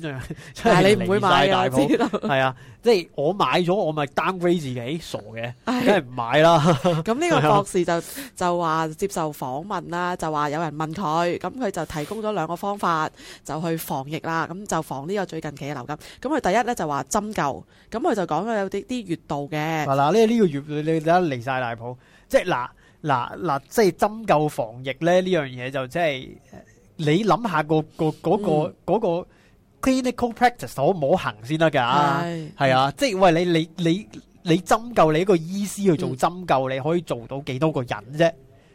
但你唔會買嘅，係啊，即係我買咗，我咪 downgrade 自己，傻嘅，梗係唔買啦。咁呢、哎 啊、個博士就就話接受訪問啦，就話有人問佢，咁佢就提供咗兩個方法就去防疫啦。咁就防呢個最近期嘅流感。咁佢第一咧就話針灸，咁佢就講咗有啲啲穴道嘅。啊，嗱、呢、這、呢個穴你你而離晒大即係嗱嗱嗱，即係針灸防疫咧呢樣嘢就即係你諗下、嗰個、嗰個嗰個嗰個 clinical practice 可唔可行先得噶？係、哎、啊，即係喂你你你你針灸你一個醫師去做針灸，嗯、你可以做到幾多個人啫？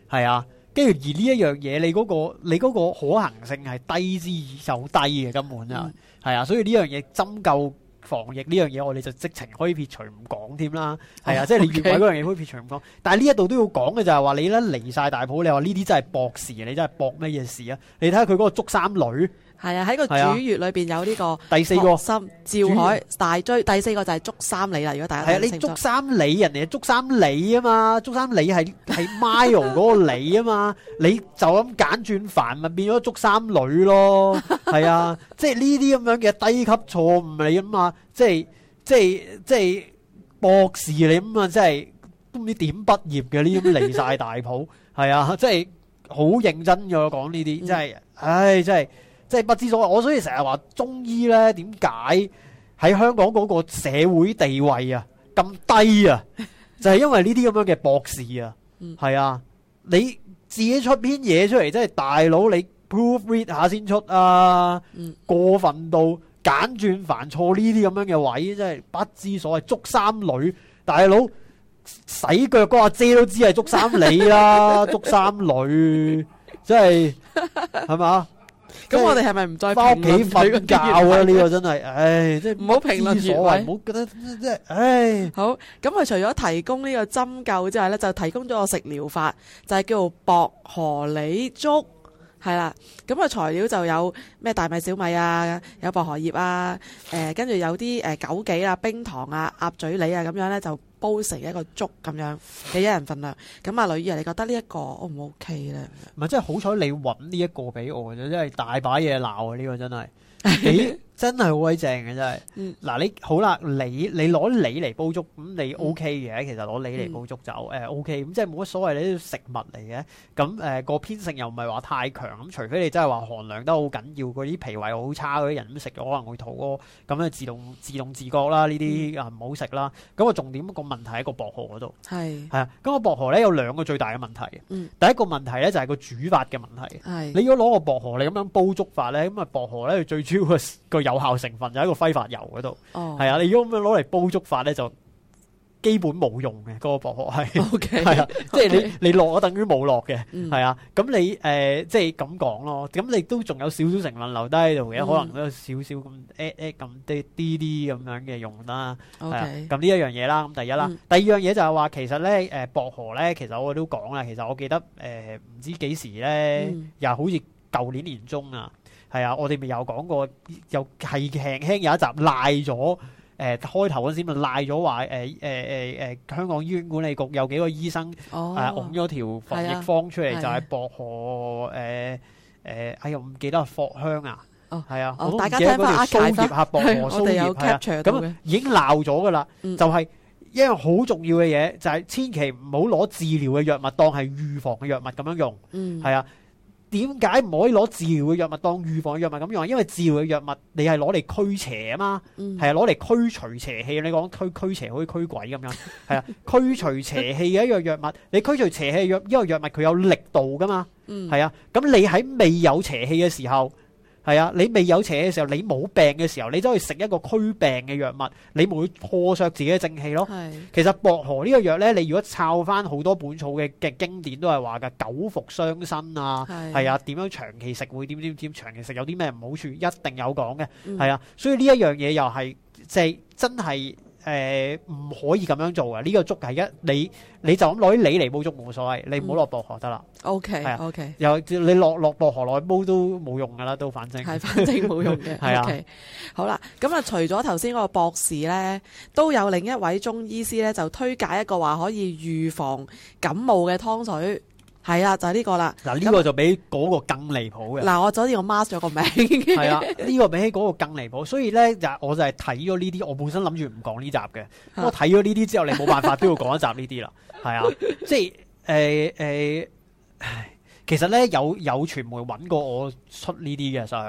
係啊，跟住而呢一樣嘢，你嗰、嗰個你個可行性係低之又低嘅根本啊，係、嗯、啊，所以呢樣嘢針灸。防疫呢樣嘢我哋就直情可以撇除唔講添啦，係啊，即係你越語嗰樣嘢可以撇除唔講。但係呢一度都要講嘅就係話你咧離晒大譜，你話呢啲真係搏事，你真係搏咩嘢事啊？你睇下佢嗰個竹三女。係啊，喺個、 嗯、主頁裏邊有呢個，第四個心趙凱大追，第四個就係足三里啦。如果大家睇下，你足三里，人哋係足三里啊嘛，足三里係係 mile 嗰個里啊嘛， 你就咁簡轉繁咪變咗足三裏咯？係啊，即係呢啲咁樣嘅低級錯誤嚟啊嘛，即係即係即係博士嚟啊嘛，即係都唔知點畢業嘅呢啲離晒大譜，係啊，即係好認真咁講呢啲，即係，唉，真係。即係不知所謂，我所以成日話中醫咧，點解喺香港嗰個社會地位啊咁低啊，就係、是、因為呢啲咁樣嘅博士啊，係、嗯、啊，你自己出篇嘢出嚟，即係大佬你 proof read 下先出啊，嗯、過分到簡轉犯錯呢啲咁樣嘅位，即係不知所謂，捉三女大佬洗腳嗰個阿姐都知係捉三你啦， 捉三女，即係，係咪啊？咁我哋係咪唔再返屋企瞓覺啊？呢 個真係，唉，即係唔好評論而為，唔好覺得即係，唉。好，咁佢除咗提供呢個針灸之外呢，就提供咗個食療法，就係、是、叫薄荷梨粥，係啦。咁、那個材料就有咩大米、小米啊，有薄荷葉啊，誒、呃，跟住有啲誒枸杞啊、冰糖啊、鴨嘴梨啊，咁樣呢就。煲成一個粥咁樣嘅一人份量，咁啊，阿女，你覺得好好呢一個 O 唔 O K 咧？唔係，即係好彩你揾呢一個俾我嘅，真係大把嘢鬧啊！呢、呢個真係，咦？ 真係好鬼正嘅真係，嗱、嗯、你好啦，你你攞你嚟煲粥咁、嗯、你 O K 嘅，其實攞你嚟煲粥就誒 O K，咁即係冇乜所謂。你啲食物嚟嘅，咁誒個偏性又唔係話太強，咁、嗯、除非你真係話寒涼得好緊要，嗰啲脾胃好差嗰啲人咁食，可能會肚屙，咁就自動自動自覺啦。呢啲唔好食啦。咁啊、嗯嗯、重點一個問題喺個薄荷嗰度，係係啊。咁個薄荷咧有兩個最大嘅問題，第一個問題咧、嗯、就係個煮法嘅問題。係是你要攞個薄荷你咁樣煲粥法咧，咁啊薄荷咧最主要個，有效成分就喺個揮發油嗰度，係、oh. 啊！你如果咁樣攞嚟煲粥法咧，就基本冇用嘅。個薄荷係，係 Okay. 啊，Okay. 即係你 Okay. 你落咗等於冇落嘅，係、嗯、啊。咁你誒、呃，即係咁講咯。咁你都仲有少少成分留低喺度嘅，嗯、可能都有少少咁啲啲咁啲啲啲咁樣嘅用 Okay.、啊、樣啦。啊，咁呢一樣嘢啦。咁第一啦，嗯、第二樣嘢就係話，其實咧，誒、呃，薄荷咧，其實我都講啦。其實我記得誒，唔、呃、知幾時咧，又好似舊年年中啊。年 係 啊，我哋咪有講過，又係輕輕有一集賴咗。誒、呃、開頭嗰陣時咪賴咗話，誒誒誒誒，香港醫院管理局有幾個醫生，誒攏咗條防疫方出嚟，啊、就係薄荷誒誒、呃，哎呀唔記得藿香啊，係、哦、啊、哦，大家聽下，蘇葉吓薄荷蘇葉，咁、啊啊、已經鬧咗㗎喇，就係、是、一樣好重要嘅嘢，就係、是、千祈唔好攞治療嘅藥物當係預防嘅藥物咁樣用，係、嗯、是啊。嗯點解唔可以攞治療嘅藥物當預防藥物咁用？因為治療嘅藥物你係攞嚟驅邪啊嘛，係攞嚟驅除邪氣。你講驅驅邪可以驅鬼咁樣，係 啊，驅除邪氣嘅一樣藥物，你驅除邪氣藥呢個藥物佢有力度㗎嘛，係、嗯、啊，咁你喺未有邪氣嘅時候。係啊，你未有邪嘅時候，你冇病嘅時候，你就可以食一個驅病嘅藥物，你咪會破削自己嘅正氣咯。係是，其實薄荷個藥呢個藥咧，你如果抄翻好多本草嘅嘅經典都係話噶，久服傷身啊，係啊，點、啊、樣長期食會點點點，長期食有啲咩唔好處，一定有講嘅，係、嗯、啊。所以呢一樣嘢又係即係真係。誒唔可以咁樣做嘅，呢個粥係一你你就咁攞啲你嚟煲粥冇所謂，你唔好落薄荷得啦。OK，係啊，OK。又你落落薄荷落去煲都冇用噶啦，都反正係，反正冇用嘅。係啊，好啦，咁啊，除咗頭先個博士咧，都有另一位中醫師咧，就推介一個話可以預防感冒嘅湯水。係啊，就係、是、呢個啦。嗱、啊，呢、這個就比嗰個更離譜嘅。嗱、啊，我早啲我 mask 咗個名。係 啊，呢、這個比起嗰個更離譜。所以咧，就是、我就係睇咗呢啲，我本身諗住唔講呢集嘅。咁我睇咗呢啲之後， 你冇辦法都要講一集呢啲啦。係啊， 即係誒誒，其實咧有有傳媒搵過我出呢啲嘅，想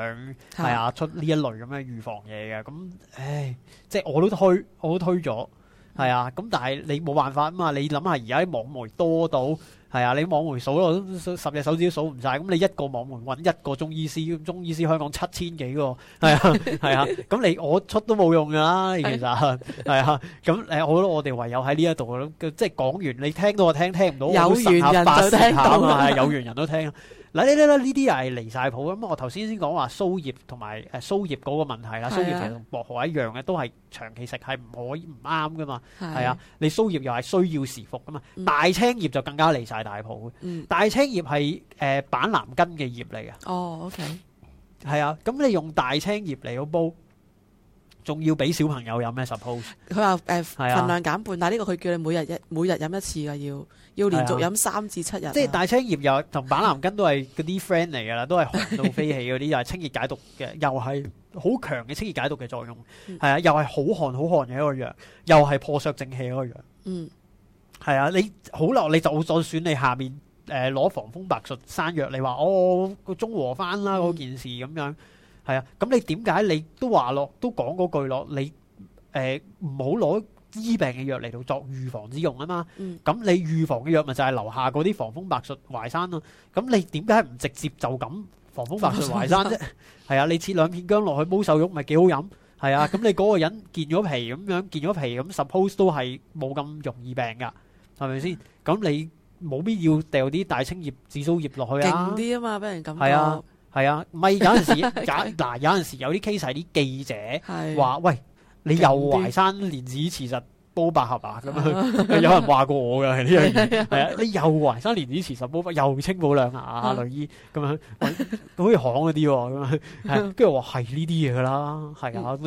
係 啊出呢一類咁嘅預防嘢嘅。咁唉，即係我都推，我都推咗。係啊，咁但係你冇辦法啊嘛。你諗下而家啲網媒多到。係啊，你網媒數咯，我都十隻手指都數唔晒。咁你一個網媒揾一個中醫師，中醫師香港七千幾個，係啊，係啊。咁 你我出都冇用㗎啦，其實係啊。咁誒，好啦，我哋唯有喺呢一度啦，即係講完你聽到我聽，聽唔到好神啊，發聲啊，係有緣人都聽。 嗱，呢啲呢啲又係離晒譜咁、嗯。我頭先先講話蘇葉同埋誒蘇葉嗰個問題啦，的蘇葉其實同薄荷一樣嘅，都係長期食係唔可以唔啱噶嘛。係啊的，你蘇葉又係需要時服噶嘛。嗯、大青葉就更加離晒大譜、嗯、大青葉係誒、呃、板藍根嘅葉嚟嘅。哦，OK。係啊，咁你用大青葉嚟去煲。仲要俾小朋友飲咩 suppose 佢話誒份量減半，是啊、但係呢個佢叫你每日一每日飲一次嘅，要要連續飲三至七日。是啊、即係大青葉又同板藍根都係嗰啲 friend 嚟㗎啦，都係寒到飛起嗰啲，又係 清熱解毒嘅，又係好強嘅清熱解毒嘅作用。係、嗯、啊，又係好寒好寒嘅一個藥，又係破削正氣嗰個藥。嗯，係啊，你好落你就再選你下面誒攞、呃、防風白術山藥，你話哦，我個中和翻啦嗰件事咁樣。係啊，咁你點解你都話落都講嗰句咯？你誒唔好攞醫病嘅藥嚟到作預防之用啊嘛。咁你預防嘅藥咪就係留下嗰啲防風白術淮山咯。咁你點解唔直接就咁防風白術淮山啫？係啊，你切兩片薑落去煲瘦肉咪幾好飲？係啊，咁你嗰個人健咗皮咁樣健咗皮咁，suppose 都係冇咁容易病㗎，係咪先？咁你冇必要掉啲大青葉、紫蘇葉落去啊！勁啲啊嘛，俾人感覺。係啊。係啊，咪有陣時，嗱 有陣時有啲 case 係啲記者話：是喂，你又淮山蓮子芡實煲百合啊？咁、啊、樣 有人話過我嘅，係呢樣嘢。係啊，你又淮山蓮子芡實煲，又清補涼啊，阿女醫咁樣，好似行嗰啲咁樣，跟住話係呢啲嘢噶啦。係啊，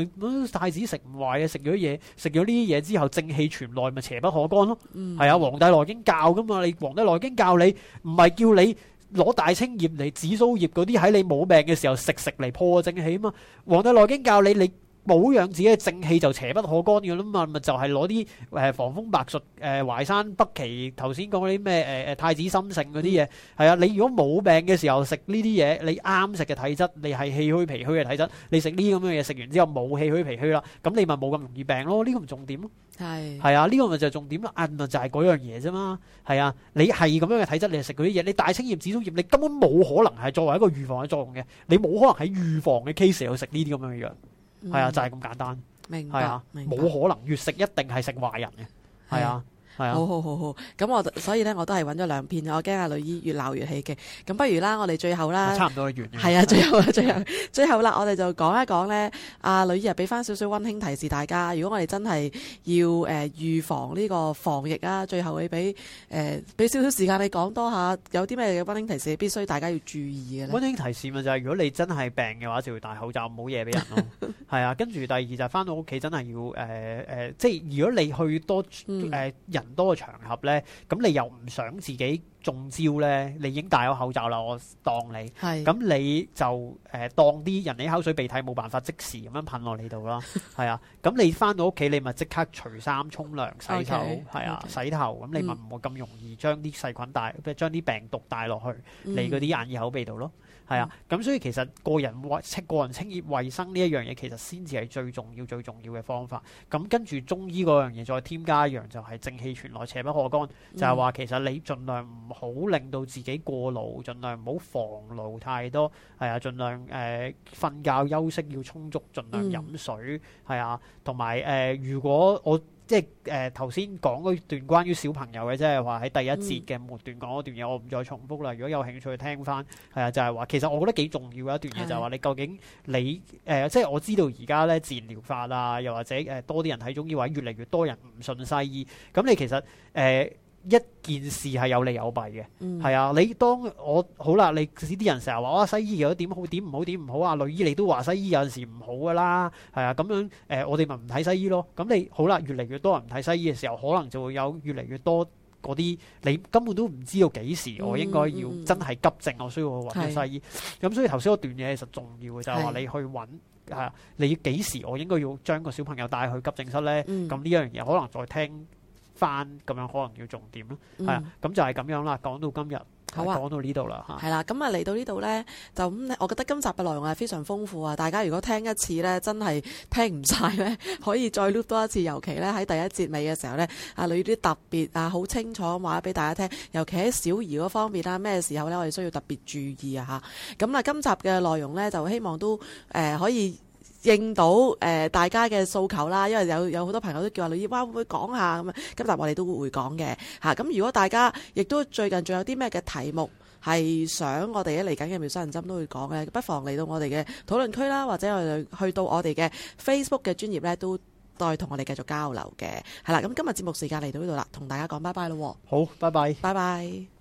太、嗯、子食唔壞啊，食咗嘢，食咗呢啲嘢之後，正氣存內，咪邪不可干咯。係、嗯、啊，《黃帝內經》教噶嘛，你《黃帝內經》教你唔係叫你。攞大青葉嚟紫蘇葉嗰啲喺你冇病嘅時候食，食嚟破正氣啊嘛。《黃帝內經》教你，你保養自己嘅正氣就邪不可干咁啦嘛，咪就係攞啲誒防風白朮誒、呃、淮山北芪頭先講嗰啲咩誒誒太子心性嗰啲嘢。係啊，你如果冇病嘅時候食呢啲嘢，你啱食嘅體質，你係氣虛脾虛嘅體質，你食呢啲咁嘅嘢，食完之後冇氣虛脾虛啦，咁你咪冇咁容易病咯，呢個唔重點。係啊，呢個咪就係重點啦，啊就係嗰樣嘢啫嘛，係啊，你係咁樣嘅體質，你係食嗰啲嘢，你大青葉、紫蘇葉，你根本冇可能係作為一個預防嘅作用嘅，你冇可能喺預防嘅 case 去食呢啲咁樣嘅藥，係啊，就係咁簡單，係、嗯、啊，明白，冇可能越食一定係食壞人嘅，係啊。係，好好好好，咁我所以咧，我都係揾咗兩片。我驚阿女醫越鬧越氣嘅。咁不如啦，我哋最後啦，差唔多完，完。係啊，最後啦，最後 最後啦，我哋就講一講咧。阿女醫又俾翻少少溫馨提示大家，如果我哋真係要誒預防呢個防疫啊，最後你俾誒俾少少時間你講多下，有啲咩嘅溫馨提示必須大家要注意嘅咧？溫馨提示咪就係、是，如果你真係病嘅話，就要戴口罩，唔好惹俾人咯。係啊， 跟住第二就翻、是、到屋企真係要誒誒、呃，即係如果你去多誒、呃呃、人。 多嘅場合咧，咁你又唔想自己中招咧？你已經戴咗口罩啦，我當你。係是。咁你就誒、呃、當啲人哋口水鼻涕冇辦法即時咁樣噴落你度咯。係 啊。咁你翻到屋企，你咪即刻除衫、沖涼、洗手。係啊。洗頭。咁你咪唔會咁容易將啲細菌帶，即係將啲病毒帶落去你嗰啲眼耳口鼻度咯。係啊，咁所以其實個人衞清、個人清潔衞生呢一樣嘢，其實先至係最重要最重要嘅方法。咁跟住中醫嗰樣嘢，再添加一樣就係正氣存內，邪不可干，就係、是、話其實你儘量唔好令到自己過勞，儘量唔好防勞太多。係啊，儘量誒瞓、呃、覺休息要充足，儘量飲水。係啊、嗯，同埋誒，如果我即係誒頭先講嗰段關於小朋友嘅，即係話喺第一節嘅末、嗯、段講嗰段嘢，我唔再重複啦。如果有興趣聽翻，係啊，就係、是、話其實我覺得幾重要嘅一段嘢，的就係話你究竟你誒、呃，即係我知道而家咧自然療法啊，又或者誒、呃、多啲人睇中醫，越嚟越多人唔信西醫，咁你其實誒。呃嗯一件事係有利有弊嘅，係、嗯、啊！你當我好啦，你啲人成日話哇，西醫有啲點好點唔好點唔好啊！女醫你都話西醫有陣時唔好噶啦，係啊！咁樣誒，我哋咪唔睇西醫咯。咁你好啦，越嚟越多人唔睇西醫嘅時候，可能就會有越嚟越多嗰啲你根本都唔知道幾時我應該要真係急症、嗯嗯、我需要揾個西醫。咁是、嗯、所以頭先嗰段嘢其實重要嘅就係話你去揾嚇、啊，你要幾時我應該要將個小朋友帶去急症室咧？咁呢、嗯嗯、樣嘢可能再聽。翻咁樣可能要重點咯，係、嗯、啊，咁就係咁樣啦。講到今日，好啊、講到呢度啦嚇。係啦、啊，咁啊嚟到呢度呢，就咁，我覺得今集嘅內容係非常豐富啊！大家如果聽一次呢，真係聽唔晒呢，可以再 loop 多一次。尤其呢，喺第一節尾嘅時候呢，啊，你啲特別啊，好清楚嘅話俾大家聽。尤其喺小兒嗰方面啦。咩時候呢，我哋需要特別注意啊嚇。咁啊，今集嘅內容呢，就希望都誒、呃、可以。應到誒、呃、大家嘅訴求啦，因為有有好多朋友都叫話律師，哇、呃，會唔會講下咁啊？咁但係我哋都會講嘅嚇。咁如果大家亦都最近仲有啲咩嘅題目係想我哋咧嚟緊嘅《妙針人針》都會講嘅，不妨嚟到我哋嘅討論區啦，或者去，去到我哋嘅 Facebook 嘅專頁呢，都再同我哋繼續交流嘅係啦。咁、啊啊、今日節目時間嚟到呢度啦，同大家講拜拜咯。好，拜拜，拜拜。